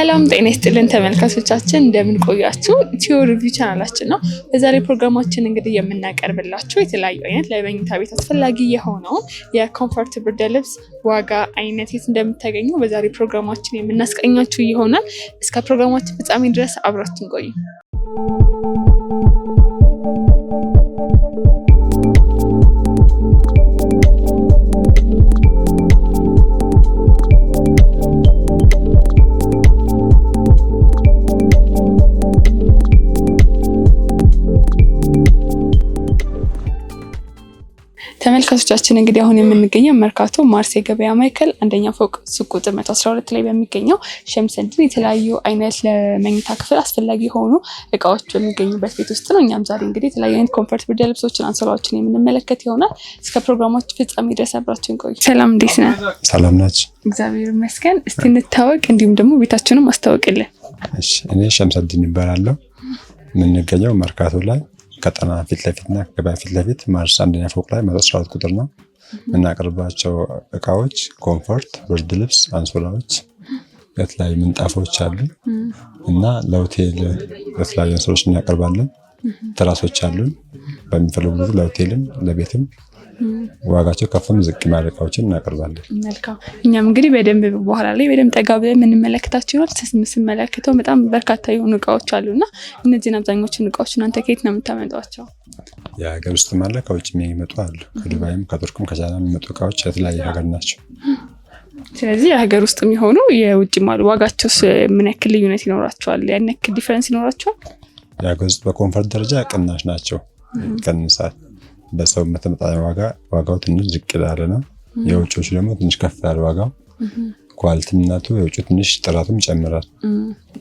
ሰላም ጤና ይስጥልን ተመልካቾቻችን፣ እንደምን ቆያችሁ? ኢትዮ ሪቪው ቻናላችን ነው። በዛሬ ፕሮግራማችን እንግዲህ የምናቀርብላችሁ የተለያዩ አይነት ለመኝታ ቤት አስፈላጊ የሆነውን የኮምፎርት ብርድ ልብስ ዋጋ፣ አይነት፣ የት እንደምታገኙ በዛሬ ፕሮግራማችን የምናስቀኛችሁ ይሆናል። እስከ ፕሮግራማችን ፍጻሜ ድረስ አብራችን ቆዩ። ተመልካቾቻችን እንግዲህ አሁን የምንገኘው መርካቶ ማርስ የገበያ ማዕከል አንደኛ ፎቅ ሱቅ ቁጥር 112 ላይ በሚገኘው ሸምሰድን የተለያዩ አይነት ለመኝታ ክፍል አስፈላጊ የሆኑ እቃዎች በሚገኙበት ቤት ውስጥ ነው። እኛም ዛሬ እንግዲህ የተለያዩ አይነት ኮምፈርት ብርድ ልብሶችን፣ አንሶላዎችን የምንመለከት ይሆናል። እስከ ፕሮግራሞች ፍጻሜ ድረስ አብራችን ቆዩ። ሰላም፣ እንዴት ነህ? ሰላም ናች። እግዚአብሔር ይመስገን። እስቲ እንታወቅ፣ እንዲሁም ደግሞ ቤታችንም አስታወቅልን። እኔ ሸምሰድን ይባላለሁ። የምንገኘው መርካቶ ላይ ቀጠና ፊት ለፊትና ገበያ ፊት ለፊት ማርስ አንደኛ ፎቅ ላይ መቶ ቁጥር ነው የምናቀርባቸው እቃዎች ኮምፎርት፣ ብርድ ልብስ፣ አንሶላዎች፣ የተለያዩ ምንጣፎች አሉ እና ለሆቴል የተለያዩ አንሶሎች እናቀርባለን። ትራሶች አሉን በሚፈልጉ ለሆቴልም ለቤትም ዋጋቸው ከፍም ዝቅ ያሉ እቃዎችን እናቀርባለን። መልካም። እኛም እንግዲህ በደንብ በኋላ ላይ በደንብ ጠጋ ብለን የምንመለከታቸው ይሆናል። ስንመለከተው በጣም በርካታ የሆኑ እቃዎች አሉና እነዚህን አብዛኞቹን እቃዎች እናንተ ከየት ነው የምታመጧቸው? የሀገር ውስጥ ማለ ከውጭ የሚመጡ አሉ። ከዱባይም ከቱርክም ከቻይናም የሚመጡ እቃዎች የተለያየ ሀገር ናቸው። ስለዚህ የሀገር ውስጥ የሚሆኑ የውጭ ማሉ ዋጋቸው ምን ያክል ልዩነት ይኖራቸዋል? ያን ያክል ዲፈረንስ ይኖራቸዋል? የሀገር ውስጥ በኮንፈርት ደረጃ ቅናሽ ናቸው፣ ይቀንሳል በሰው በተመጣጣኝ ዋጋ ዋጋው ትንሽ ዝቅ ያለ ነው። የውጮቹ ደግሞ ትንሽ ከፍ ያለ ዋጋው ኳሊቲነቱ የውጭ ትንሽ ጥራቱም ይጨምራል።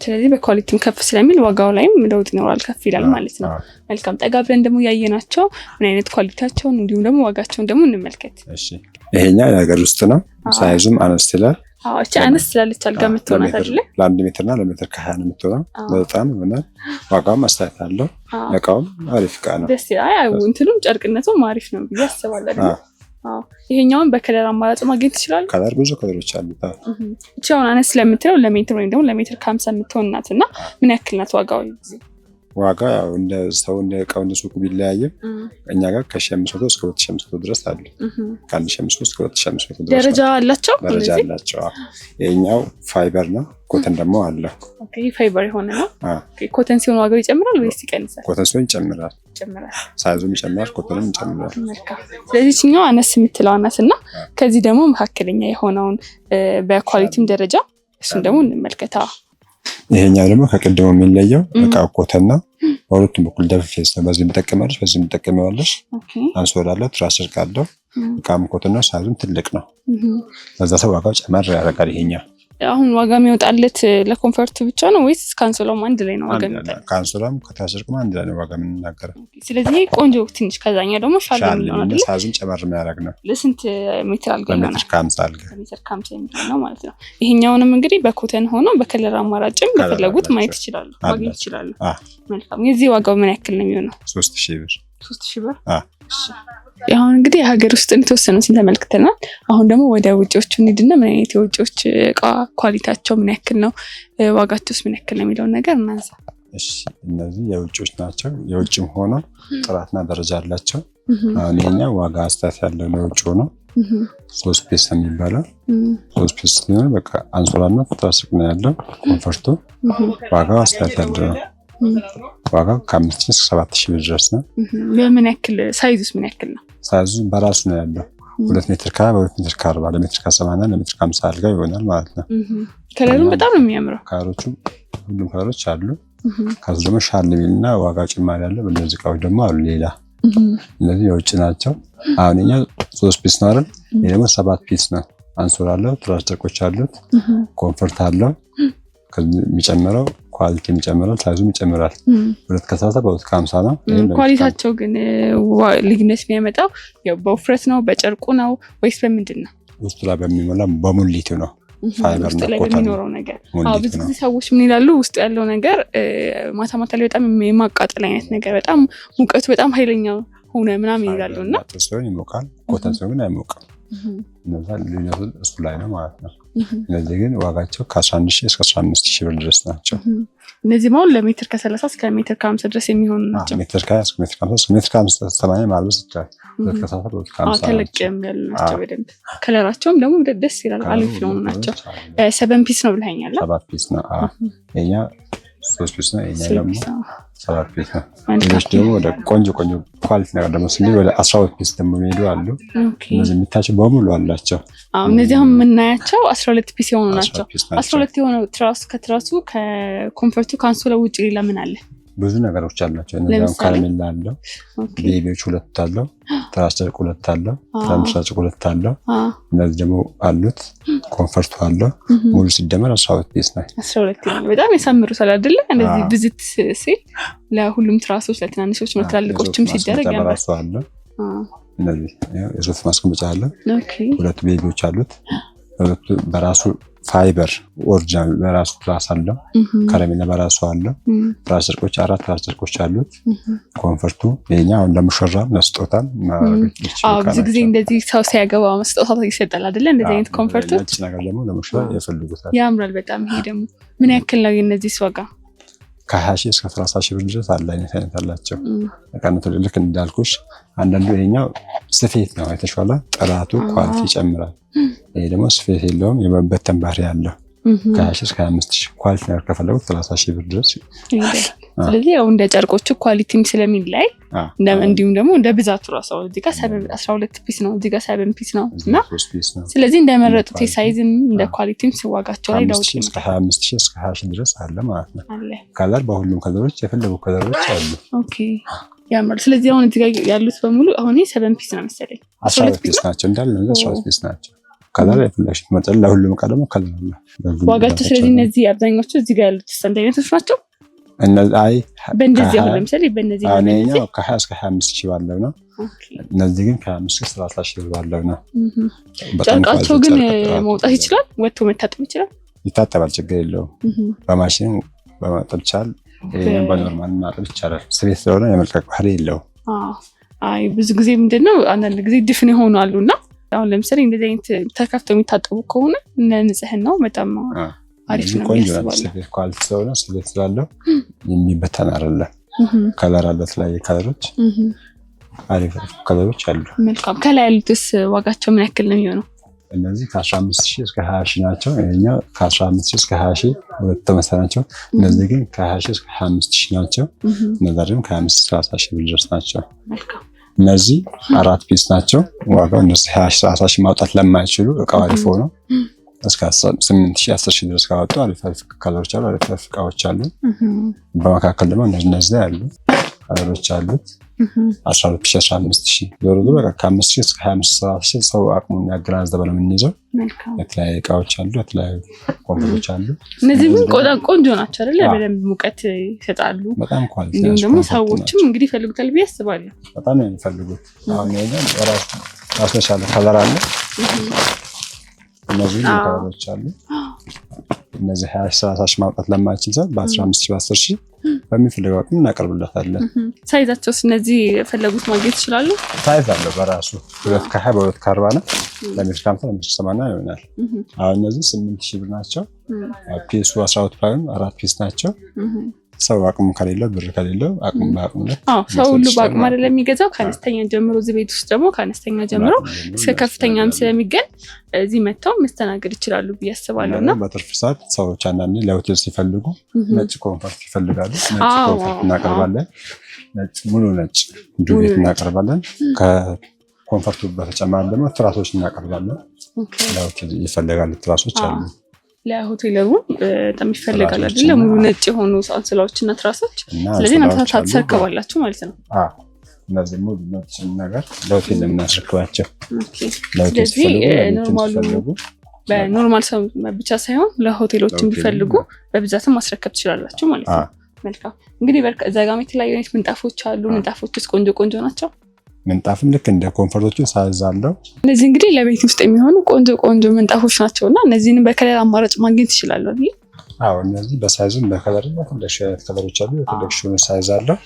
ስለዚህ በኳሊቲም ከፍ ስለሚል ዋጋው ላይም ለውጥ ይኖራል፣ ከፍ ይላል ማለት ነው። መልካም ጠጋ ብለን ደግሞ ያየናቸው ምን አይነት ኳሊቲያቸውን እንዲሁም ደግሞ ዋጋቸውን ደግሞ እንመልከት። ይሄኛ የሀገር ውስጥ ነው። ሳይዙም አነስ ይላል። እቺ አነስ ስላለች አልጋ የምትሆናት ለአንድ ሜትር እና ለሜትር ከሀያ ነው የምትሆነው። በጣም ምናምን ዋጋውም አስተያየት አለው። እቃውም አሪፍ እቃ ነው። ደስ እንትኑም ጨርቅነቱም አሪፍ ነው ብዬ አስባለሁ። ይሄኛውን በከለር አማራጭ ማግኘት ይችላል። ከለር ብዙ ከለሮች አሉ። እቺ አሁን አነስ ስለምትለው ለሜትር ወይም ደግሞ ለሜትር ከሀምሳ የምትሆን ናት እና ምን ያክል ናት ዋጋው? ዋጋ እንደ ሰው እንደ እቃው እንደ ሱቁ ቢለያየም እኛ ጋር ከሺህ አምስት መቶ እስከ ሁለት ሺህ አምስት መቶ ድረስ አሉ። ከአንድ ሺህ አምስት መቶ እስከ ሁለት ሺህ አምስት መቶ ድረስ ደረጃ አላቸው ደረጃ አላቸው። ይሄኛው ፋይበር ነው። ኮተን ደግሞ አለው። ፋይበር የሆነ ነው። ኮተን ሲሆን ዋጋው ይጨምራል ወይስ ይቀንሳል? ኮተን ሲሆን ይጨምራል፣ ሳይዙም ይጨምራል፣ ኮተንም ይጨምራል። ስለዚህ ችኛው አነስ የምትለው አናት እና ከዚህ ደግሞ መካከለኛ የሆነውን በኳሊቲም ደረጃ እሱን ደግሞ እንመልከታ ይሄኛው ደግሞ ከቅድሙ የሚለየው እቃ ኮተና በሁለቱም በኩል ደብል ፌስ ነው። በዚህም ትጠቀሚያለሽ፣ በዚህም ትጠቀሚያለሽ። አንሶላ አለው፣ ትራስ ጨርቅ አለው። እቃም ኮተና ሳይዙም ትልቅ ነው። በዛ ሰው ዋጋው ጨመር ያደርጋል ይሄኛው አሁን ዋጋ የሚወጣለት ለኮንፈርት ብቻ ነው ወይስ ካንስሎም አንድ ላይ ነው ዋጋ የሚወጣለት? ካንስሎም ከታስርቅም አንድ ላይ ነው ዋጋ የምንናገረው። ስለዚህ ቆንጆ ትንሽ ከዛኛ ደግሞ ሻል ጨመር የሚያደርግ ነው። ለስንት ሜትር አልጋ ይሆናል? ሜትር ከሀምሳ አልጋ ሜትር ከሀምሳ ነው ማለት ነው። ይሄኛውንም እንግዲህ በኮተን ሆኖ በከለር አማራጭም በፈለጉት ማየት ይችላሉ፣ ማግኘት ይችላሉ። መልካም። የዚህ ዋጋው ምን ያክል ነው የሚሆነው? ሶስት ሺህ ብር ሶስት ሺህ ብር አሁን እንግዲህ የሀገር ውስጥን የተወሰኑትን ተመልክተናል። አሁን ደግሞ ወደ ውጭዎቹ እንሂድና ምን አይነት የውጭዎች እቃ ኳሊቲያቸው ምን ያክል ነው፣ ዋጋቸውስ ምን ያክል ነው የሚለውን ነገር እናንሳ። እሺ እነዚህ የውጭዎች ናቸው። የውጭም ሆኖ ጥራትና ደረጃ አላቸው። አሁን ይሄኛው ዋጋ አስታት ያለው ለውጭ የውጭ ሆኖ ሶስት ፒስ የሚባለው ሶስት ፒስ ሲሆን በቃ አንሶላና ፍራስቅ ነው ያለው። ኮንፈርቱ ዋጋው አስታት ያለው ነው። ዋጋው ከአምስት ሺህ እስከ ሰባት ሺህ ብር ድረስ ነው። በምን ያክል ሳይዝ ውስጥ ምን ያክል ነው? ሳይዙ በራሱ ነው ያለው። ሁለት ሜትር ከሀያ በሁለት ሜትር ከአርባ ለሜትር ከሰማንያ ለሜትር ከሀምሳ አልጋ ይሆናል ማለት ነው። ከለሩም በጣም ነው የሚያምረው። ካሮቹም ሁሉም ከለሮች አሉ። ከዚ ደግሞ ሻል የሚል እና ዋጋ ጭማሪ ያለው በእነዚህ እቃዎች ደግሞ አሉ። ሌላ እነዚህ የውጭ ናቸው። አሁን ኛ ሶስት ፒስ ነው አይደል? ይህ ደግሞ ሰባት ፒስ ነው። አንሶላ አለው፣ ትራስ ጨርቆች አሉት፣ ኮንፈርት አለው ከዚህ የሚጨምረው ኳሊቲም ይጨምራል፣ ሳይዙም ይጨምራል። ሁለት ከሰላሳ በሁለት ከሀምሳ ነው። ኳሊታቸው ግን ልዩነት የሚያመጣው በውፍረት ነው፣ በጨርቁ ነው ወይስ በምንድን ነው? ውስጡ ላይ በሚሞላ በሙሊቱ ነው ውስጥ ላይ በሚኖረው ነገር ብዙ ጊዜ ሰዎች ምን ይላሉ? ውስጡ ያለው ነገር ማታ ማታ ላይ በጣም የማቃጠል አይነት ነገር፣ በጣም ሙቀቱ በጣም ኃይለኛ ሆነ ምናምን ይላሉ እና ሲሆን ይሞቃል፣ ኮተን ሲሆን ግን አይሞቅም። እነዛ ልዩነቱ እሱ ላይ ነው ማለት ነው። እነዚህ ግን ዋጋቸው ከ11 ሺህ እስከ 15 ሺህ ብር ድረስ ናቸው። እነዚህ አሁን ለሜትር ከ30 እስከ ሜትር ከ50 ድረስ የሚሆኑ ናቸው። ሜትር ከ80 ማልበስ ይቻላል። ተለቅ የሚያሉ ናቸው በደንብ ከለራቸውም ደግሞ ደስ ይላል። አሪፍ የሆኑ ናቸው። ሰበን ፒስ ነው ብለኸኛል። ሰባት ፒስ ነው የኛ ሶስት ፒስ ነው። ይሄኛው ደግሞ ሰባት ፒስ ነው። ሌሎች ደግሞ ወደ ቆንጆ ቆንጆ ኳሊቲ ነገር ደግሞ ስንል ወደ አስራ ሁለት ፒስ ደግሞ የሚሄዱ አሉ። እነዚህ የሚታቸው በሙሉ አላቸው። እነዚህ አሁን የምናያቸው አስራ ሁለት ፒስ የሆኑ ናቸው። አስራ ሁለት ትራሱ ከትራሱ ከኮንፈርቱ ከአንሶላ ውጭ ሌላ ምን አለ? ብዙ ነገሮች አላቸው። ካርሜላ አለው፣ ቤቢዎች ሁለት አለው፣ ትራስጨርቅ ሁለት አለው፣ ትራምሳጭ ሁለት አለው። እነዚህ ደግሞ አሉት። ኮንፈርቱ አለው። ሙሉ ሲደመር አስራ ሁለት ፒስ ነው። አስራ ሁለት በጣም ያሳምሩታል አይደለ? እንደዚህ ብዝት ሲል ለሁሉም ትራሶች፣ ለትናንሾች፣ ለትላልቆችም ሲደረግ ያምራል። እነዚህ የሶስት ማስቀመጫ አለ። ሁለት ቤቢዎች አሉት። በራሱ ፋይበር ኦሪጂናል በራሱ ራስ አለው። ከረሜላ በራሱ አለው። ራስ ጨርቆች አራት ራስ ጨርቆች አሉት። ኮንፈርቱ ይሄኛ አሁን ለሙሽራም ለስጦታም ብዙ ጊዜ እንደዚህ ሰው ሲያገባ መስጦታ ይሰጣል አይደለ? እንደዚህ አይነት ኮንፈርቶች ነገር ደግሞ ለሙሽራ ያፈልጉታል። ያምራል በጣም ይሄ ደግሞ ምን ያክል ነው የነዚህ ዋጋ? ከሀያ ሺህ እስከ ሰላሳ ሺህ ብር ድረስ አለ አይነት አይነት አላቸው። ቀንቶ ልክ እንዳልኩሽ አንዳንዱ ይሄኛው ስፌት ነው የተሻለ ጥራቱ ኳሊቲ ይጨምራል። ይሄ ደግሞ ስፌት የለውም የመበተን ባህሪ ያለው ከሀያ ሺህ እስከ ሀያ አምስት ሺህ ኳሊቲ ከፈለጉት ሰላሳ ሺህ ብር ድረስ ስለዚህ ያው እንደ ጨርቆቹ ኳሊቲም ስለሚላይ እንዲሁም ደግሞ እንደ ብዛቱ ራሱ እዚህ ጋር አስራ ሁለት ፒስ ነው፣ እዚህ ጋር ሰቨን ፒስ ነው እና ስለዚህ እንደመረጡት የሳይዝም እንደ ኳሊቲም ሲዋጋቸው ላይ ለውጥ እስከ ሀያ አምስት ሺህ እስከ ሀያ ሺህ ድረስ አለ ማለት ነው። ካላር በሁሉም ከለሮች የፈለጉ ከለሮች አሉ። ኦኬ ያምር። ስለዚህ አሁን እዚህ ጋር ያሉት በሙሉ አሁን ሰቨን ፒስ ነው መሰለኝ፣ አስራ ሁለት ፒስ ናቸው እንዳለ ነው፣ አስራ ሁለት ፒስ ናቸው። ከለር የፈለግሽት መጠን ለሁሉም እቃ ደግሞ ከለር አለ ዋጋቸው። ስለዚህ እነዚህ አብዛኞቹ እዚህ ጋር ያሉት ስንት አይነቶች ናቸው? እነዚህ በእንደዚህ አሁን በእነዚህ ከሀያ እስከ ሀያ አምስት ሺህ ባለው ነው። እነዚህ ግን ከሀያ እስከ ሰላሳ ሺህ ባለው ነው። ጨርቃቸው ግን መውጣት ይችላል፣ ወጥቶ መታጠብ ይችላል። ይታጠባል፣ ችግር የለውም። በማሽን በማጠብ ይቻል፣ በኖርማል ማጠብ ይቻላል። ስቤት ስለሆነ የመልቀቅ ባህሪ የለውም። አይ ብዙ ጊዜ ምንድነው አንዳንድ ጊዜ ድፍን የሆኑ አሉ እና አሁን ለምሳሌ እንደዚህ አይነት ተከፍተው የሚታጠቡ ከሆነ ንጽህናው በጣም አሪፍ ነው። ኳሊቲ ነው። ስላለው የሚበተን አይደለም። ከለር አለ፣ የተለያየ ከለሮች አሪፍ ከለሮች አሉ። መልካም። ከላይ ያሉትስ ዋጋቸው ምን ያክል ነው የሚሆነው? እነዚህ ከ15 ሺህ እስከ 20 ሺህ ናቸው። ይኸኛው ከ15 ሺህ እስከ 20 ሺህ ሁለት ተመሳሳይ ናቸው። እነዚህ ግን ከ20 ሺህ እስከ 25 ሺህ ናቸው። እነዛ ደግሞ ከ25 እስከ 30 ሺህ ድረስ ናቸው። እነዚህ አራት ፒስ ናቸው። ዋጋው እነዚህ 20 ሺህ 30 ሺህ ማውጣት ለማይችሉ እቃው አሪፍ ሆነው እስከ ስምንት ሺህ ድረስ ካወጡ አሪፍ አሪፍ ከለሮች አሉ። አሪፍ አሪፍ እቃዎች አሉ። በመካከል ደግሞ እነዚህ እነዚህ ላይ ያሉ ከለሮች አሉት። አስራ ዞሮ ዞሮ እስከ ሰው አቅሙን ያገናዘበ ነው የምንይዘው። የተለያዩ እቃዎች አሉ። የተለያዩ ኮንፈሮች አሉ። እነዚህ ግን ቆዳ ቆንጆ ናቸው አይደለ? በደንብ ሙቀት ይሰጣሉ። በጣም ኳሊቲ ደግሞ ሰዎችም እንግዲህ ይፈልጉታል ብዬ አስባለሁ። በጣም የሚፈልጉት። አሁን ራሱ ከለር አለ እነዚህ ከለሮች አሉ። እነዚህ ሀያ ሰላሳ ሺህ ማውጣት ለማይችል ሰው በአስራ አምስት ሺህ በአስር ሺህ በሚፈልገው አቅም እናቀርብለታለን። ሳይዛቸው እነዚህ የፈለጉት ማግኘት ይችላሉ። ሳይዝ አለው በራሱ ሁለት ከሀያ በሁለት ከአርባ ነው። ለሜትር ከሀምሳ ለሜትር ሰማንያ ይሆናል። አሁን እነዚህ ስምንት ሺህ ብር ናቸው። ፒሱ አስራ ሁለት ፕላይም አራት ፒስ ናቸው። ሰው አቅሙ ከሌለው ብር ከሌለው አቅሙ በአቅሙ ላይ ሰው ሁሉ በአቅሙ አይደለም የሚገዛው። ከአነስተኛ ጀምሮ እዚህ ቤት ውስጥ ደግሞ ከአነስተኛ ጀምሮ እስከ ከፍተኛም ስለሚገኝ እዚህ መጥተው መስተናገድ ይችላሉ ብዬ አስባለሁ። እና በትርፍ ሰዓት ሰዎች አንዳንዴ ለሆቴል ሲፈልጉ ነጭ ኮንፈርት ይፈልጋሉ። ነጭ ኮንፈርት እናቀርባለን። ነጭ ሙሉ ነጭ ቤት እናቀርባለን። ከኮንፈርቱ በተጨማሪ ደግሞ ትራሶች እናቀርባለን። ለሆቴል ይፈልጋሉ ትራሶች አሉ። ለሆቴል ሩም በጣም ይፈልጋል አይደለ? ሙሉ ነጭ የሆኑ አንሶላዎች እና ትራሶች። ስለዚህ እናንተ ታስረክባላችሁ ማለት ነው። እነዚህ ሙሉ ነጭ ነገር ለሆቴል የምናስረክባቸው። ስለዚህ ኖርማሉ በኖርማል ሰው ብቻ ሳይሆን ለሆቴሎች ቢፈልጉ በብዛትም ማስረከብ ትችላላችሁ ማለት ነው። መልካም እንግዲህ እዛ ጋም የተለያዩ አይነት ምንጣፎች አሉ። ምንጣፎች ውስጥ ቆንጆ ቆንጆ ናቸው። ምንጣፍም ልክ እንደ ኮንፈርቶቹ ሳይዝ አለው። እነዚህ እንግዲህ ለቤት ውስጥ የሚሆኑ ቆንጆ ቆንጆ ምንጣፎች ናቸው እና እነዚህንም በከለር አማራጭ ማግኘት ይችላሉ። አዎ እነዚህ በሳይዝም በከለር በትንሽ አይነት ከለሮች አሉ። የኮሌክሽኑ ሳይዝ አለው።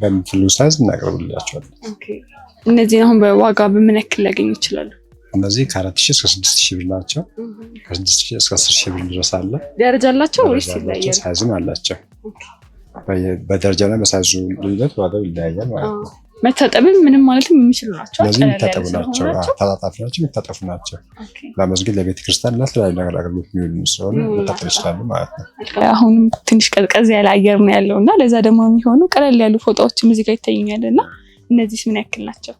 በምትሉ ሳይዝ እናቀርብላቸዋለን። እነዚህን አሁን በዋጋ በምን ያክል ሊያገኙ ይችላሉ? እነዚህ ከአራት ሺህ እስከ ስድስት ሺህ ብር ናቸው። ከስድስት ሺህ እስከ አስር ሺህ ብር ድረስ አለ። ደረጃ አላቸው ወይስ ሳይዝም አላቸው። በደረጃ በደረጃና በሳይዙ ልዩነት ዋጋው ይለያያል ማለት ነው። መታጠብም ምንም ማለትም የሚችሉ ናቸው። ስለዚህ የሚታጠቡ ናቸው፣ ተጣጣፊ ናቸው፣ የሚታጠፉ ናቸው። ለመስጊድ ለቤተክርስቲያን እና ለተለያዩ ነገር አገልግሎት የሚውሉ ስለሆነ መታጠብ ይችላሉ ማለት ነው። አሁንም ትንሽ ቀዝቀዝ ያለ አየር ነው ያለው እና ለዛ ደግሞ የሚሆኑ ቀለል ያሉ ፎጣዎችም እዚህ ጋር ይታዩኛል እና እነዚህ ምን ያክል ናቸው?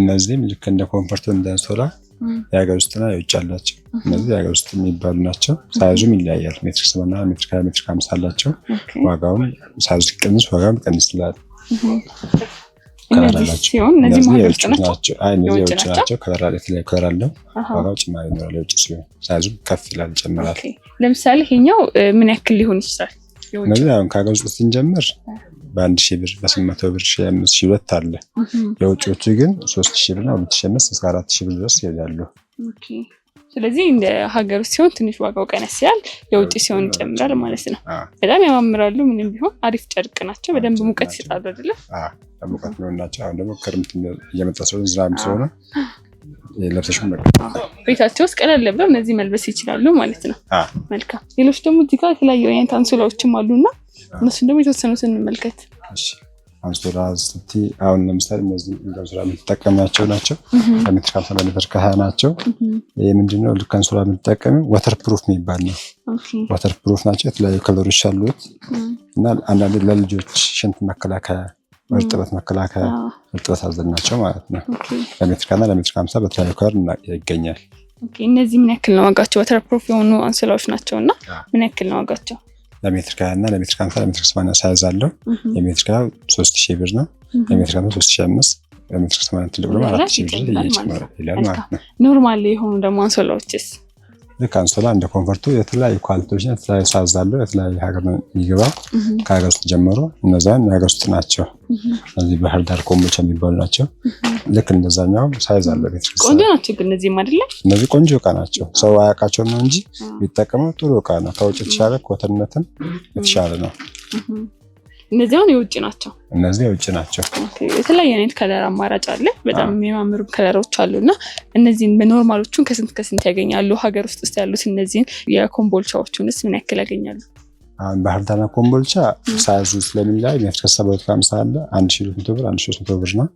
እነዚህም ልክ እንደ ኮንፈርቶ እንደንሶላ የሀገር ውስጥና የውጭ አላቸው። እነዚህ የሀገር ውስጥ የሚባሉ ናቸው። ሳይዙም ይለያያል። ሜትሪክ ስምና ሜትሪክ ሜትሪክ አምሳ አላቸው። ዋጋውም ሳይዙ ሲቀንስ ዋጋውም ቀንስ ይላል። ሲሆን ናቸው። ነው። ዋጋው ጭማሪ ይኖራል። የውጭ ሲሆን ሳይዙ ከፍ ይላል፣ ይጨምራል። ለምሳሌ ይሄኛው ምን ያክል ሊሆን ይችላል? እነዚህ አሁን ከሀገር ውስጥ ስንጀምር በአንድ ሺህ ብር በስምንት መቶ ብር ሺህ አምስት ሺህ ሁለት አለ። የውጭዎቹ ግን ሶስት ሺህ ብርና ሁለት ሺህ አምስት እስከ አራት ሺህ ብር ድረስ ይሄዳሉ። ስለዚህ እንደ ሀገር ውስጥ ሲሆን ትንሽ ዋጋው ቀነስ ይላል፣ የውጭ ሲሆን ይጨምራል ማለት ነው። በጣም ያማምራሉ። ምንም ቢሆን አሪፍ ጨርቅ ናቸው። በደንብ ሙቀት ይሰጣሉ አይደለ? ሙቀት ናቸው። አሁን ደግሞ ክርምት እየመጣ ስለሆነ ዝናብ ስለሆነ ለብሰሽ ቤታቸው ውስጥ ቀለል ብለው እነዚህ መልበስ ይችላሉ ማለት ነው። መልካም። ሌሎች ደግሞ እዚህ ጋር የተለያዩ አይነት አንሶላዎችም አሉና እነሱን ደግሞ የተወሰኑት እንመልከት። አንሶላ ስቲ አሁን ለምሳሌ እነዚህ አንሶላ የምትጠቀሚያቸው ናቸው። ከሜትር ከሀምሳ ለሜትር ከሀያ ናቸው። ይህ ምንድነው? ልክ አንሶላ የምትጠቀሚው ዋተር ፕሩፍ የሚባል ነው። ወተር ፕሩፍ ናቸው። የተለያዩ ከለሮች አሉት እና አንዳንድ ለልጆች ሽንት መከላከያ፣ እርጥበት መከላከያ እርጥበት አዘል ናቸው ማለት ነው። ለሜትር ከና ለሜትር ከሀምሳ በተለያዩ ከለር ይገኛል። እነዚህ ምን ያክል ነው ዋጋቸው? ወተር ፕሩፍ የሆኑ አንሶላዎች ናቸው እና ምን ያክል ነው ዋጋቸው? ለሜትር ከሀያ እና ለሜትር ከሀምሳ ለሜትር ከሰማንያ ሳይዝ አለው። የሜትር ከሀያ ሶስት ሺህ ብር ነው። የሜትር ከሀምሳ ሶስት ሺህ አምስት ለሜትር ከሰማንያ ትልቅ አራት ሺህ ብር እየጨመረ ይላል ማለት ነው። ኖርማል የሆኑ ደግሞ አንሶላዎችስ ልክ አንሶላ እንደ ኮንፈርቱ የተለያዩ ኳሊቲዎች የተለያዩ ሳዝ አለው። የተለያዩ ሀገር የሚገባ ከሀገር ውስጥ ጀምሮ እነዛን የሀገር ውስጥ ናቸው። እዚህ ባህር ዳር ኮምቦቻ የሚባሉ ናቸው። ልክ እንደዛኛውም ሳይዝ አለው። ቤት ቆንጆ ናቸው። ግን እነዚህም አይደለም እነዚህ ቆንጆ እቃ ናቸው። ሰው አያውቃቸውም ነው እንጂ ቢጠቀመው ጥሩ እቃ ነው። ከውጭ የተሻለ ኮተንነትን የተሻለ ነው። እነዚህ የውጭ ናቸው። እነዚህ የውጭ ናቸው። የተለያየ አይነት ከለር አማራጭ አለ። በጣም የሚያማምሩ ከለሮች አሉ እና እነዚህን በኖርማሎቹን ከስንት ከስንት ያገኛሉ? ሀገር ውስጥ ውስጥ ያሉት እነዚህን የኮምቦልቻዎቹንስ ምን ያክል ያገኛሉ? አሁን ባህርዳርና ኮምቦልቻ ሳያዙ ስለሚላይ ሜትር ከሰባ በሁለት ከሀምሳ አለ አንድ ሺ ሁለት መቶ ብር አንድ ሺ ሁለት መቶ ብር ነው።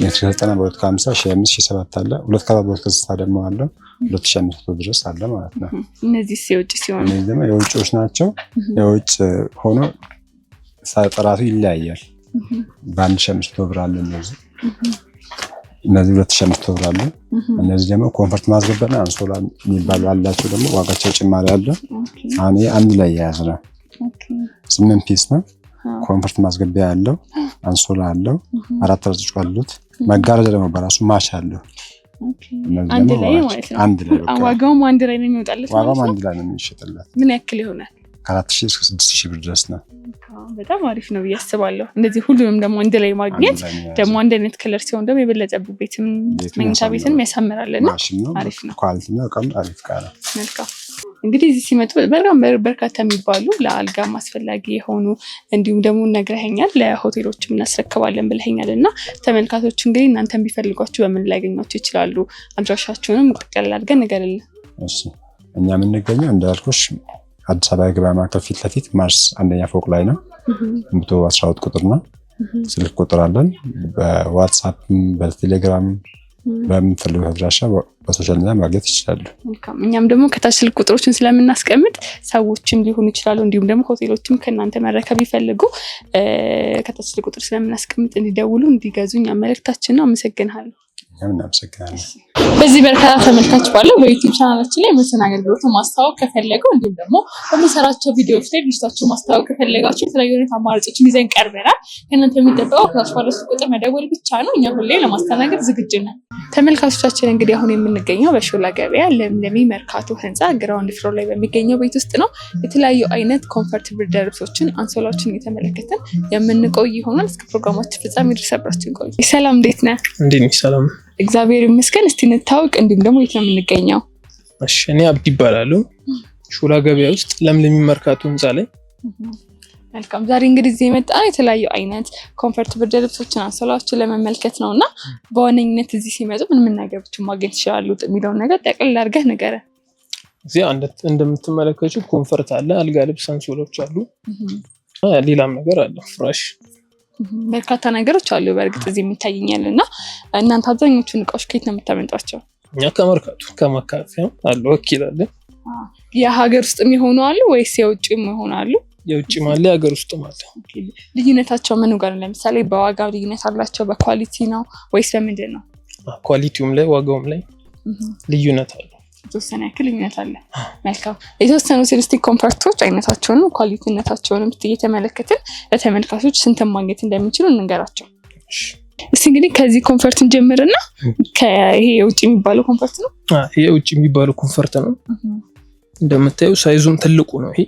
ሜትር ከዘጠና በሁለት ከሀምሳ ሺ አምስት ሺ ሰባት አለ ሁለት ከባ በሁለት ከስልሳ ደግሞ አለ ሁለት ሺ አምስት መቶ ድረስ አለ ማለት ነው። እነዚህ የውጭ ሲሆኑ እነዚህ ደግሞ የውጭዎች ናቸው። የውጭ ሆኖ ጥራቱ ይለያያል። በአንድ ሸምስቶ ብር አለ እነዚህ እነዚህ ሁለት ሸምስቶ ብር አለ። እነዚህ ደግሞ ኮንፈርት ማስገበና አንሶላ የሚባሉ አላቸው። ደግሞ ዋጋቸው ጭማሪ አለ። አሁን አንድ ላይ የያዝ ነው። ስምንት ፒስ ነው። ኮንፈርት ማስገቢያ አለው፣ አንሶላ አለው፣ አራት ረቶች አሉት። መጋረጃ ደግሞ በራሱ ማሽ አለው። አንድ ላይ ዋጋውም አንድ ላይ ነው የሚወጣለት። ዋጋውም አንድ ላይ ነው የሚሸጥለት። ምን ያክል ይሆናል? ከአራት ሺህ እስከ ስድስት ሺህ ብር ድረስ ነው። በጣም አሪፍ ነው ብዬ አስባለሁ። እንደዚህ ሁሉንም ደግሞ አንድ ላይ ማግኘት ደግሞ አንድ አይነት ክለር ሲሆን ደግሞ የበለጠ ቤትም መኝታ ቤትንም ያሳምራልና አሪፍ ነው። እንግዲህ እዚህ ሲመጡ በጣም በርካታ የሚባሉ ለአልጋም አስፈላጊ የሆኑ እንዲሁም ደግሞ ነግረኸኛል፣ ለሆቴሎችም እናስረክባለን ብለኸኛል እና ተመልካቶች እንግዲህ እናንተ ቢፈልጓችሁ በምን ሊያገኟቸው ይችላሉ? አድራሻችሁንም ጠቅላላ አድርገን ንገርልን። እኛ የምንገኘው እንዳልኩሽ አዲስ አበባ የገበያ ማዕከል ፊት ለፊት ማርስ አንደኛ ፎቅ ላይ ነው። መቶ አስራ ሁለት ቁጥር ነው። ስልክ ቁጥር አለን። በዋትሳፕም በቴሌግራም በምንፈልገው አድራሻ በሶሻል ሚዲያ ማግኘት ይችላሉ። እኛም ደግሞ ከታች ስልክ ቁጥሮችን ስለምናስቀምጥ ሰዎችም ሊሆኑ ይችላሉ፣ እንዲሁም ደግሞ ሆቴሎችም ከእናንተ መረከብ ይፈልጉ ከታች ስልክ ቁጥር ስለምናስቀምጥ እንዲደውሉ፣ እንዲገዙ እኛ መልእክታችን ነው። አመሰግናለሁ። አድርገን እናመሰግናለን። በዚህ በርካታ ተመልካች ባለው በዩቲዩብ ቻናላችን ላይ መሰን አገልግሎትን ከፈለገው እንዲሁም ደግሞ በምንሰራቸው ቪዲዮዎች ላይ ድርጅታቸው ማስታወቅ ከፈለጋቸው የተለያዩ ሁኔታ አማራጮችን ይዘን ቀርበናል። ከእናንተ የሚጠበቀው ከታች ባለው ስልክ ቁጥር መደወል ብቻ ነው። እኛ ሁሌ ለማስተናገድ ዝግጁ ነን። ተመልካቾቻችን እንግዲህ አሁን የምንገኘው በሾላ ገበያ ለምለሚ መርካቶ ህንፃ ግራውንድ ፍሮ ላይ በሚገኘው ቤት ውስጥ ነው። የተለያዩ አይነት ኮንፈርት ብርድ ልብሶችን፣ አንሶላዎችን እየተመለከትን የምንቆይ ይሆናል። እስከ ፕሮግራማችን ፍጻሜ ድረስ አብራችን ቆዩ። ሰላም፣ እንዴት ነህ? እንዴት ነህ? ሰላም እግዚአብሔር ይመስገን። እስቲ እንታወቅ፣ እንዲሁም ደግሞ የት ነው የምንገኘው? እሺ፣ እኔ አብዲ ይባላለሁ። ሹላ ገበያ ውስጥ ለምለም መርካቶ ህንፃ ላይ። መልካም። ዛሬ እንግዲህ እዚህ የመጣ የተለያዩ አይነት ኮንፈርት ብርድ ልብሶችን፣ አንሶላዎችን ለመመልከት ነው እና በዋነኝነት እዚህ ሲመጡ ምን ምን ነገሮችን ማግኘት ይችላሉ የሚለውን ነገር ጠቅልል አድርገህ ንገረን። እዚህ እንደምትመለከቱ ኮንፈርት አለ፣ አልጋ ልብስ፣ አንሶላዎች አሉ፣ ሌላም ነገር አለ ፍራሽ በርካታ ነገሮች አሉ። በእርግጥ እዚህ የሚታይኛል እና እናንተ አብዛኞቹን እቃዎች ከየት ነው የምታመጧቸው? እኛ ከመርካቱ ከማካፊያ አለ ወኪላለን። የሀገር ውስጥ የሚሆኑ አሉ ወይስ የውጭ የሚሆኑ አሉ? የውጭ ማለ የሀገር ውስጥ ማለ። ልዩነታቸው ምኑ ጋር? ለምሳሌ በዋጋ ልዩነት አላቸው? በኳሊቲ ነው ወይስ በምንድን ነው? ኳሊቲውም ላይ ዋጋውም ላይ ልዩነት አለ። የተወሰነ ያክል ልዩነት አለ። መልካም የተወሰኑ ሴልስቲክ ኮምፈርቶች አይነታቸውንም ኳሊቲነታቸውንም እየተመለከትን ለተመልካቾች ስንትን ማግኘት እንደሚችሉ እንንገራቸው። እስቲ እንግዲህ ከዚህ ኮንፈርት እንጀምርና ይሄ የውጭ የሚባለው ኮንፈርት ነው። ይሄ የውጭ የሚባለው ኮንፈርት ነው። እንደምታየው ሳይዙም ትልቁ ነው። ይሄ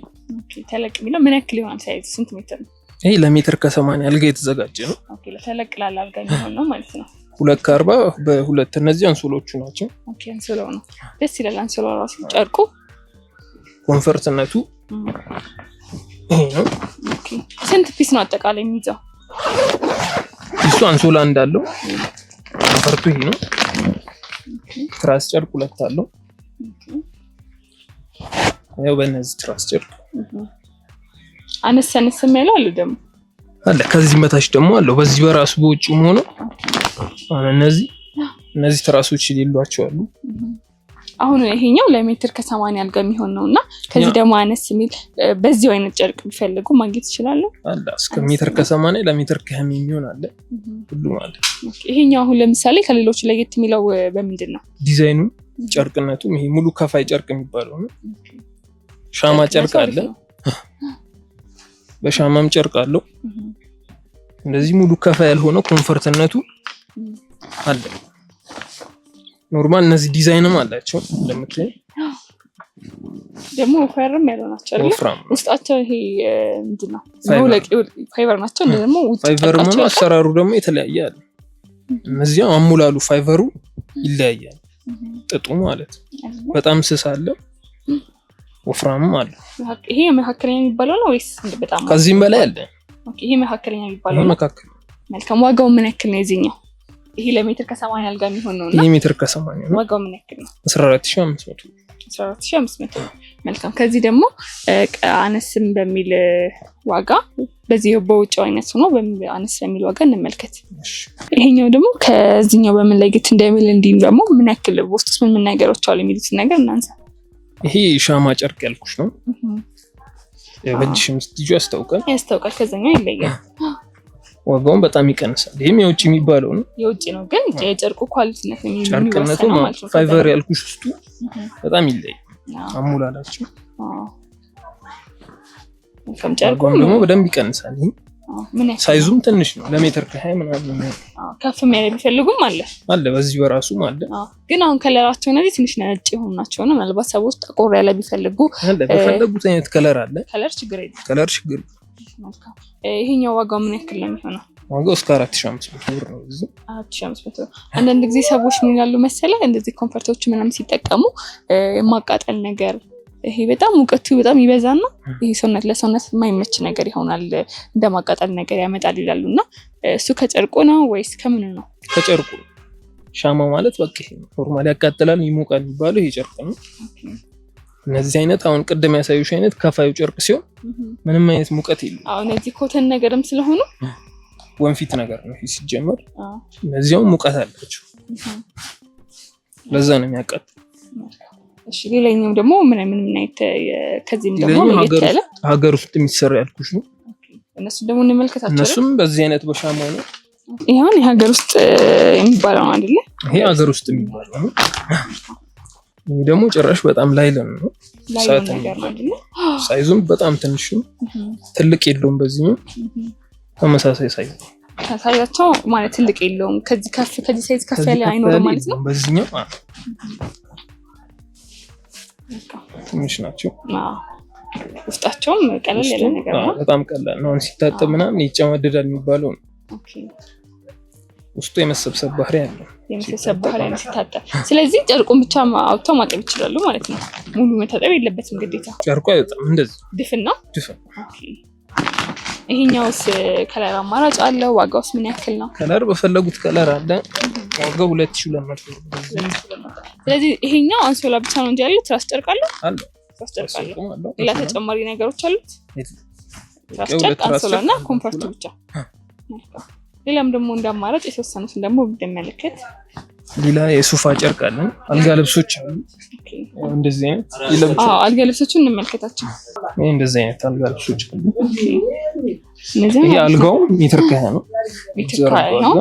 ተለቅ የሚለው ምን ያክል ይሆናል? ሳይዝ ስንት ሜትር ነው? ይሄ ለሜትር ከሰማንያ አልጋ የተዘጋጀ ነው። ተለቅ ላለ አልጋ የሚሆን ነው ማለት ነው። ሁለት ከአርባ በሁለት እነዚህ አንሶሎቹ ናቸው። አንሶሎ ነው ደስ ይላል። አንሶሎ ራሱ ጨርቁ ኮንፈርትነቱ ይሄ ነው። ስንት ፒስ ነው አጠቃላይ የሚይዘው? ፒሱ አንሶላ እንዳለው ኮንፈርቱ ይሄ ነው። ትራስ ጨርቅ ሁለት አለው። ያው በእነዚህ ትራስ ጨርቅ አነስ አነስ የሚያለው አለ ደግሞ አለ ከዚህ በታች ደግሞ አለው በዚህ በራሱ በውጭ ሆኖ እነዚህ እነዚህ ትራሶች ሌሏቸው አሉ። አሁን ይሄኛው ለሜትር ከሰማንያ አልጋ የሚሆን ነው እና ከዚህ ደግሞ አነስ የሚል በዚሁ አይነት ጨርቅ ቢፈልጉ ማግኘት ይችላሉ። እስከ ሜትር ከሰማንያ ለሜትር ከህም የሚሆን አለ ሁሉ አለ። ይሄኛው አሁን ለምሳሌ ከሌሎች ለየት የሚለው በምንድን ነው? ዲዛይኑ፣ ጨርቅነቱ ይሄ ሙሉ ከፋይ ጨርቅ የሚባለው ነው። ሻማ ጨርቅ አለ፣ በሻማም ጨርቅ አለው። እንደዚህ ሙሉ ከፋይ ያልሆነው ኮንፈርትነቱ አለ ኖርማል። እነዚህ ዲዛይንም አላቸው እንደምት ደግሞ ፋይበርም ያለ ናቸው ውስጣቸው ይሄ ምንድን ፋይበር ናቸው። ደግሞ ፋይበር አሰራሩ ደግሞ የተለያየ አለ። እነዚያ አሙላሉ ፋይበሩ ይለያያል። ጥጡ ማለት በጣም ስስ አለ፣ ወፍራምም አለ። ይሄ መካከለኛ የሚባለው ነው ወይስ በጣም ከዚህም በላይ አለ? ይሄ መካከለኛ የሚባለው ነው። መልካም ዋጋው ምን ያክል ነው የዚህኛው? ይሄ ለሜትር ከሰማንያ አልጋ የሚሆን ነው ይሄ ሜትር ከሰማንያ ነው። ዋጋው ምን ያክል ነው? 14500 14500 መልካም። ከዚህ ደግሞ አነስም በሚል ዋጋ በዚህ በውጭ አይነት ሆኖ አነስ በሚል ዋጋ እንመልከት። ይሄኛው ደግሞ ከዚህኛው በምን ለየት እንደሚል እንዲሁም ደግሞ ምን ያክል ውስጥ ውስጥ ምን ምን ነገሮች አሉ የሚሉትን ነገር እናንሳ። ይሄ ሻማ ጨርቅ ያልኩሽ ነው። በእጅሽ የምትይጂው ያስታውቃል፣ ያስታውቃል። ከዛኛው ይለያል። ዋጋውን በጣም ይቀንሳል። ይህም የውጭ የሚባለው ነው። የውጭ ነው ግን የጨርቁ ኳሊቲነት ጨርቅነቱ ፋይቨር ያልኩሽ ውስጡ በጣም ይለይ አሞላላቸው ጨርቁም ደግሞ በደንብ ይቀንሳል። ይህ ሳይዙም ትንሽ ነው። ለሜትር ከሀያ ምናምን ከፍ የሚያደርግ ቢፈልጉም አለ አለ በዚህ በራሱም አለ። ግን አሁን ከለራቸው እነዚህ ትንሽ ነጭ የሆኑ ናቸው። ነው ምናልባት ሰዎች ጠቆር ያለ ቢፈልጉ በፈለጉት አይነት ከለር አለ። ከለር ችግር የለም። ከለር ችግር መልካም። ይሄኛው ዋጋው ምን ያክል ነው የሚሆነው? ዋጋው እስከ አራት ሺህ አምስት መቶ ብር ነው። አራት ሺህ አምስት መቶ አንዳንድ ጊዜ ሰዎች ምን ይላሉ መሰለህ እንደዚህ ኮንፈርቶች ምናምን ሲጠቀሙ የማቃጠል ነገር ይሄ በጣም ሙቀቱ በጣም ይበዛና ይሄ ሰውነት ለሰውነት የማይመች ነገር ይሆናል እንደማቃጠል ነገር ያመጣል ይላሉ። እና እሱ ከጨርቁ ነው ወይስ ከምን ነው? ከጨርቁ ሻማ ማለት በቃ ኖርማል ያቃጥላል ይሞቃል የሚባለው ይሄ ጨርቁ ነው። እነዚህ አይነት አሁን ቅድም ያሳዩሽ አይነት ከፋዩ ጨርቅ ሲሆን ምንም አይነት ሙቀት የለም። አዎ እነዚህ ኮተን ነገርም ስለሆኑ ወንፊት ነገር ነው ሲጀመር። እነዚያውም ሙቀት አላቸው፣ ለዛ ነው የሚያቃጥል። እሺ ሌላኛው ደግሞ ምን ምን አይነት ከዚህም ደግሞ ሀገር ውስጥ የሚሰራ ያልኩሽ ነው። እነሱ ደግሞ እንመልከታቸው። እነሱም በዚህ አይነት በሻማ ነው። ይሄ የሀገር ውስጥ የሚባለው አይደለ? ይሄ ሀገር ውስጥ የሚባለው ነው። ይህ ደግሞ ጭራሽ በጣም ላይለን ነው። ሳይዙም በጣም ትንሽ ትልቅ የለውም። በዚህም ተመሳሳይ ሳይዝ ሳይዛቸው ማለት ትልቅ የለውም። ከዚህ ከፍ ከዚህ ሳይዝ ከፍ ያለ አይኖርም ማለት ነው። በዚህኛው ትንሽ ናቸው። ውስጣቸውም ቀለል ያለ ነገር ነው። በጣም ቀላል ነው። ሲታጠብ ምናምን ይጨማደዳል የሚባለው ነው። ውስጡ የመሰብሰብ ባህሪ ያለው የመሰብሰብ ባህሪ ነው ሲታጠብ። ስለዚህ ጨርቁን ብቻ አውጥተው ማጠብ ይችላሉ ማለት ነው። ሙሉ መታጠብ የለበትም ግዴታ። ጨርቁ አይወጣም። እንደዚህ ድፍን ነው። ድፍን ይሄኛውስ ከለር አማራጭ አለው። ዋጋውስ ምን ያክል ነው? ከለር በፈለጉት ከለር አለ። ዋጋው ሁለት ሺ ሁለት መቶ ስለዚህ ይሄኛው አንሶላ ብቻ ነው እንጂ ያለው ትራስ ጨርቅ አለው አለ። ሌላ ተጨማሪ ነገሮች አሉት? ትራስ ጨርቅ፣ አንሶላ እና ኮምፈርቱ ብቻ መልካም ሌላም ደግሞ እንዳማራጭ የተወሰኑትን ደግሞ ብንመለከት ሌላ የሱፋ ጨርቅ አለን። አልጋ ልብሶች አሉ። እንደዚህ አይነት አልጋ ልብሶችን እንመልከታቸው። ይህ እንደዚህ አይነት አልጋ ልብሶች አሉ። ይህ አልጋው ሜትር ከሀያ ነው።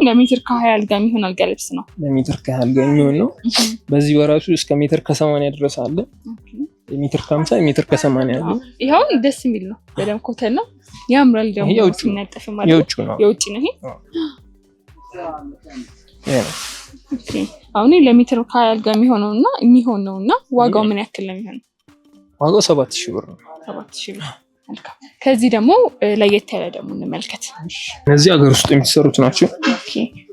ለሜትር ከሀያ አልጋ የሚሆን አልጋ ልብስ ነው። ለሜትር ከሀያ አልጋ የሚሆን ነው። በዚህ በራሱ እስከ ሜትር ከሰማንያ ድረስ አለ። ሜትር ከሀምሳ ሜትር ከሰማንያ ያለው ይኸውን ደስ የሚል ነው። በደም ኮተን ነው ያምራል። ደግሞ ሲነጠፍ ማለት የውጭ ነው የውጭ ነው ይሄ አሁን ለሜትር ከሀያ ጋር የሚሆነው እና የሚሆን ነው እና ዋጋው ምን ያክል ነው የሚሆነው? ዋጋው ሰባት ሺህ ብር ነው። ሰባት ሺህ ብር ከዚህ ደግሞ ለየት ያለ ደግሞ እንመልከት። እነዚህ ሀገር ውስጥ የሚሰሩት ናቸው።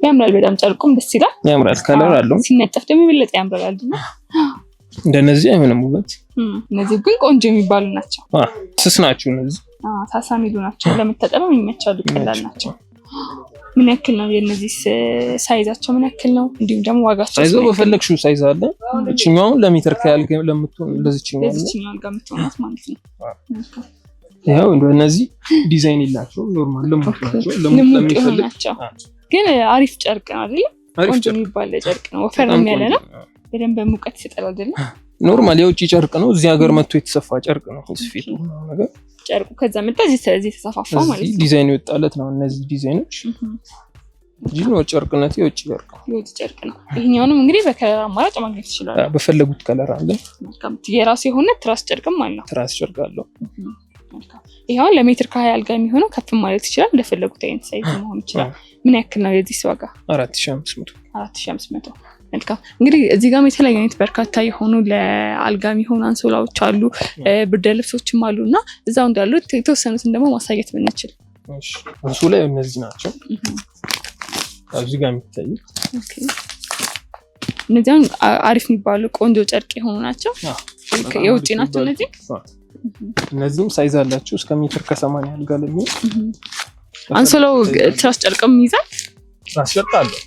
ያምራል በጣም ጨርቁም ደስ ይላል። ያምራል ከለር አለው ሲነጠፍ ደግሞ የበለጠ ያምራል። እንደነዚህ አይሆንም። ውበት እነዚህ ግን ቆንጆ የሚባሉ ናቸው። ስስ ናቸው። እነዚህ ሳሳ ሚሉ ናቸው። ለመታጠብ የሚመቻሉ ቀላል ናቸው። ምን ያክል ነው የነዚህ ሳይዛቸው? ምን ያክል ነው? እንዲሁም ደግሞ ዋጋቸው ሳይዞ በፈለግሽው ሳይዝ አለ። እችኛውን ለሜትር ከያል ለምትሆን ለዚችኛው ጋር የምትሆናት ማለት ነው። ይኸው እነዚህ ዲዛይን የላቸው ኖርማል ልሙጥ ናቸው። ግን አሪፍ ጨርቅ ነው አይደል? ቆንጆ የሚባል ጨርቅ ነው። ወፈር ነው ያለ ነው። በደንብ በሙቀት ይሰጣል አይደለም? ኖርማል የውጭ ጨርቅ ነው። እዚህ ሀገር መጥቶ የተሰፋ ጨርቅ ነው። ስፌቱ ነገር ጨርቁ ከዛ መጣ እዚህ የተሰፋፋ ማለት ነው። ዲዛይን ይወጣለት ነው። እነዚህ ዲዛይኖች እዚህ ነው። ጨርቅነት የውጭ ጨርቅ የውጭ ጨርቅ ነው። ይሄኛውንም እንግዲህ በከለር አማራጭ ማግኘት ይችላል። በፈለጉት ከለር አለ። የራሱ የሆነ ትራስ ጨርቅም አለው። ትራስ ጨርቅ አለው። ይሄው ለሜትር ከሀያ አልጋ የሚሆነው ከፍ ማለት ይችላል። እንደፈለጉት አይነት ሳይዝ መሆን ይችላል። ምን ያክል ነው የዚህ ዋጋ? አራት ሺህ አምስት መቶ አራት ሺህ አምስት መቶ መልካም እንግዲህ እዚህ ጋም የተለያዩ አይነት በርካታ የሆኑ ለአልጋ የሚሆኑ አንሶላዎች አሉ፣ ብርደ ልብሶችም አሉ እና እዛው እንዳሉ የተወሰኑትን ደግሞ ማሳየት ምንችል እሱ ላይ እነዚህ ናቸው። እዚህ ጋ የሚታዩ እነዚያም አሪፍ የሚባሉ ቆንጆ ጨርቅ የሆኑ ናቸው። የውጭ ናቸው እነዚህ። እነዚህም ሳይዝ አላቸው እስከ ሜትር ከሰማንያ አልጋ ለሚ አንሶላው ትራስ ጨርቅም ይይዛል። ትራስ ጨርቅ አለው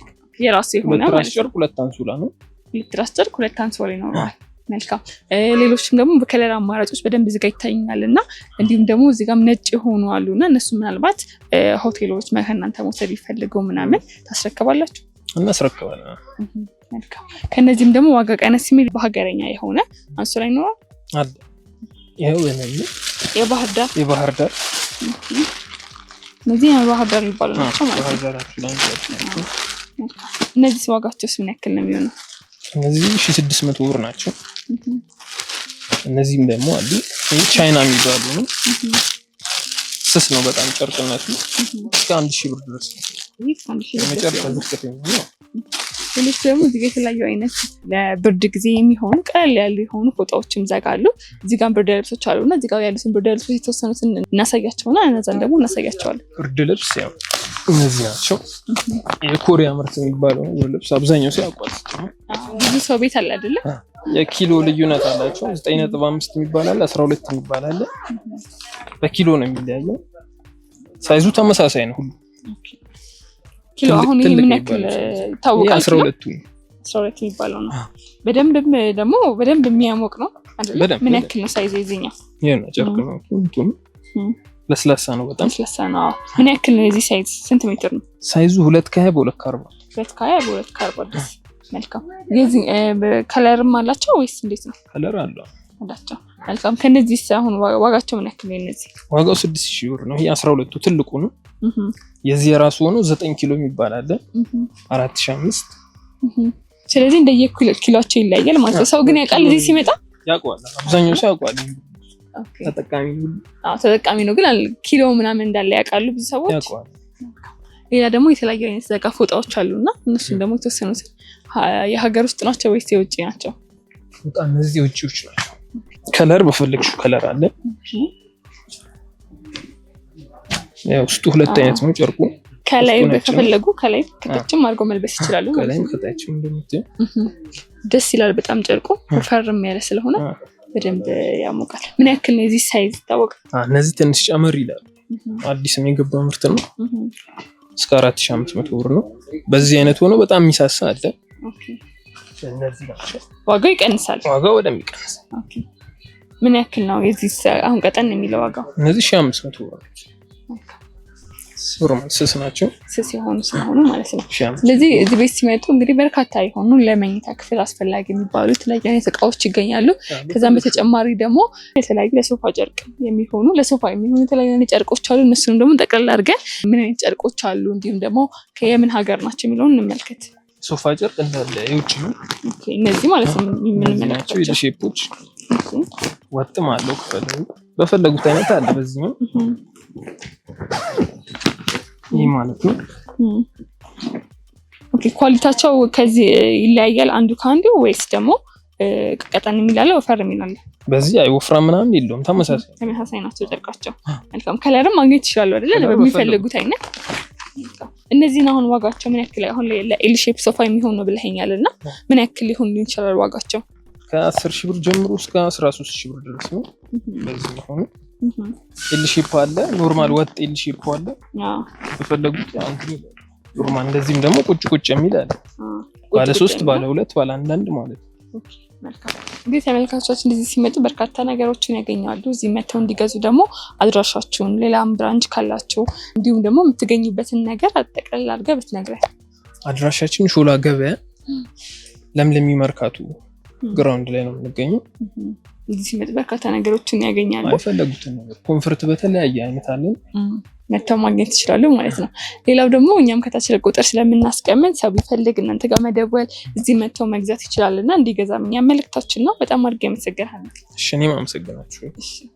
የራሱ የሆነ ማለት ሁለት አንሶላ ነው። ትራስ ጨርቅ ሁለት አንሶላ ይኖረዋል። መልካም። ሌሎችም ደግሞ በከለር አማራጮች በደንብ እዚጋ ይታይኛል እና እንዲሁም ደግሞ እዚጋም ነጭ የሆኑ አሉ እና እነሱ ምናልባት ሆቴሎች ከእናንተ መውሰድ ይፈልገው ምናምን ታስረክባላችሁ? እናስረክባለን። መልካም። ከእነዚህም ደግሞ ዋጋ ቀነስ የሚል በሀገረኛ የሆነ አንሶላ ይኖራል። ይኸው የባህር ዳር የባህር ዳር እነዚህ የባህር ዳር ይባሉ ናቸው ማለት ነው። እነዚህ ዋጋቸው ምን ያክል ነው የሚሆነው? እነዚህ ሺ ስድስት መቶ ብር ናቸው። እነዚህም ደግሞ አሉ ቻይና የሚባሉ ነው። ስስ ነው በጣም ጨርቅነቱ እስከ አንድ ሺህ ብር ድረስ ነው። ዝቅተኛ ነው። ሌሎች ደግሞ እዚህ ጋር የተለያዩ አይነት ለብርድ ጊዜ የሚሆኑ ቀለል ያሉ የሆኑ ፎጣዎችም ዘጋሉ። እዚህ ጋር ብርድ ልብሶች አሉና እዚህ ጋር ያሉትን ብርድ ልብሶች የተወሰኑትን እናሳያቸውና እነዛን ደግሞ እናሳያቸዋለን። ብርድ ልብስ ያው እነዚህ ናቸው የኮሪያ ምርት የሚባለው ልብስ አብዛኛው ሰው ያውቋል። ብዙ ሰው ቤት አለ አይደለ? የኪሎ ልዩነት አላቸው። ዘጠኝ ነጥብ አምስት የሚባል አለ፣ አስራ ሁለት የሚባል አለ። በኪሎ ነው የሚለያየው። ሳይዙ ተመሳሳይ ነው ሁሉ ኪሎ። ደግሞ በደንብ የሚያሞቅ ነው። ምን ያክል ነው ሳይዝ የዚህኛው ጨርቅ ነው ለስላሳ ነው፣ በጣም ለስላሳ ነው። ምን ያክል ነው የዚህ ሳይዝ? ስንት ሜትር ነው ሳይዙ? ሁለት ከሀያ በሁለት ከአርባ ሁለት ከሀያ በሁለት ከአርባ ደስ መልካም። የዚህ ከለርም አላቸው ወይስ እንዴት ነው? ከለር አለው አላቸው። መልካም። ከነዚህ አሁን ዋጋቸው ምን ያክል ነው? እነዚህ ዋጋው ስድስት ሺህ ብር ነው። ይሄ አስራ ሁለቱ ትልቁ ነው። የዚህ የራሱ ሆኖ ዘጠኝ ኪሎ የሚባል አለ አራት ሺህ አምስት ስለዚህ እንደየ ይለያል ማለት ነው። ሰው ግን ያውቃል እዚህ ሲመጣ ያውቀዋል። አብዛኛው ሰው ያውቀዋል። ተጠቃሚ ተጠቃሚ ነው። ግን ኪሎ ምናምን እንዳለ ያውቃሉ ብዙ ሰዎች። ሌላ ደግሞ የተለያዩ አይነት ዘጋ ፎጣዎች አሉ እና እነሱም ደግሞ የተወሰኑት የሀገር ውስጥ ናቸው ወይስ የውጭ ናቸው? ፎጣ እነዚህ የውጭዎች ናቸው። ከለር በፈለግሽው ከለር አለ። ውስጡ ሁለት አይነት ነው ጨርቁ። ከላይ ከፈለጉ ከላይ ከታችም አድርጎ መልበስ ይችላሉ። ደስ ይላል በጣም ጨርቁ ፈርም ያለ ስለሆነ በደንብ ያሞቃል። ምን ያክል ነው የዚህ ሳይዝ ይታወቅ? እነዚህ ትንሽ ጨምር ይላሉ። አዲስም የገባ ምርት ነው። እስከ አራት ሺህ አምስት መቶ ብር ነው። በዚህ አይነት ሆኖ በጣም የሚሳሳ አለ። ዋጋው ይቀንሳል። ዋጋው በደንብ ይቀንሳል። ምን ያክል ነው የዚህ አሁን ቀጠን የሚለው ዋጋው? እነዚህ ሺህ አምስት መቶ ብር ናቸው። ስስ ናቸው። ስስ የሆኑ ስለሆኑ ማለት ነው። ስለዚህ እዚህ ቤት ሲመጡ እንግዲህ በርካታ የሆኑ ለመኝታ ክፍል አስፈላጊ የሚባሉ የተለያዩ አይነት እቃዎች ይገኛሉ። ከዛም በተጨማሪ ደግሞ የተለያዩ ለሶፋ ጨርቅ የሚሆኑ ለሶፋ የሚሆኑ የተለያዩ አይነት ጨርቆች አሉ። እነሱንም ደግሞ ጠቅላላ አድርገን ምን አይነት ጨርቆች አሉ እንዲሁም ደግሞ የምን ሀገር ናቸው የሚለውን እንመልከት። ሶፋ ጨርቅ እንዳለ የውጭ ነው። እነዚህ ማለት ነው የምንመለከታቸው ሼፖች ወጥም አለው። ከፈለጉ በፈለጉት አይነት አለ። በዚህ ነው ይህ ማለት ነው። ኦኬ ኳሊቲያቸው ከዚህ ይለያያል አንዱ ከአንዱ ወይስ ደግሞ ቀጠን የሚላለ ወፈር የሚላለ? በዚህ አይ ወፍራ ምናምን የለውም። ተመሳሳይ ተመሳሳይ ናቸው ጨርቃቸው። መልካም ከለርም ማግኘት ይችላሉ አይደለ? በሚፈልጉት አይነት እነዚህን አሁን ዋጋቸው ምን ያክል አሁን ለኤል ሼፕ ሶፋ የሚሆን ነው ብለኛል እና ምን ያክል ሊሆን ይችላል ዋጋቸው? ከአስር ሺህ ብር ጀምሮ እስከ አስራ ሶስት ሺህ ብር ድረስ ነው በዚህ ሆኑ ኤል አለ፣ ኖርማል ወጥ ኤል ሼፕ አለ። የፈለጉት ኖርማል፣ እንደዚህም ደግሞ ቁጭ ቁጭ የሚል አለ። ባለ ሶስት፣ ባለ ሁለት፣ ባለ አንዳንድ ማለት ነው። እንግዲህ ተመልካቾቻችን እንደዚህ ሲመጡ በርካታ ነገሮችን ያገኛሉ። እዚህ መተው እንዲገዙ ደግሞ አድራሻችሁን፣ ሌላም ብራንች ካላችሁ እንዲሁም ደግሞ የምትገኙበትን ነገር አጠቅላላ አድርገህ ብትነግረን። አድራሻችን ሾላ ገበያ ለምለም መርካቱ ግራውንድ ላይ ነው የምንገኘው። እዚህ ሲመጡ በርካታ ነገሮችን ያገኛሉ። የፈለጉትን ኮንፈርት በተለያየ አይነት አለ መጥተው ማግኘት ይችላሉ ማለት ነው። ሌላው ደግሞ እኛም ከታች ቁጥር ስለምናስቀምጥ ሰው ቢፈልግ እናንተ ጋር መደወል፣ እዚህ መጥተው መግዛት ይችላልና እንዲገዛም እኛ መልእክታችን ነው። በጣም አድርጌ አመሰግናለሁ። እኔም አመሰግናችሁ።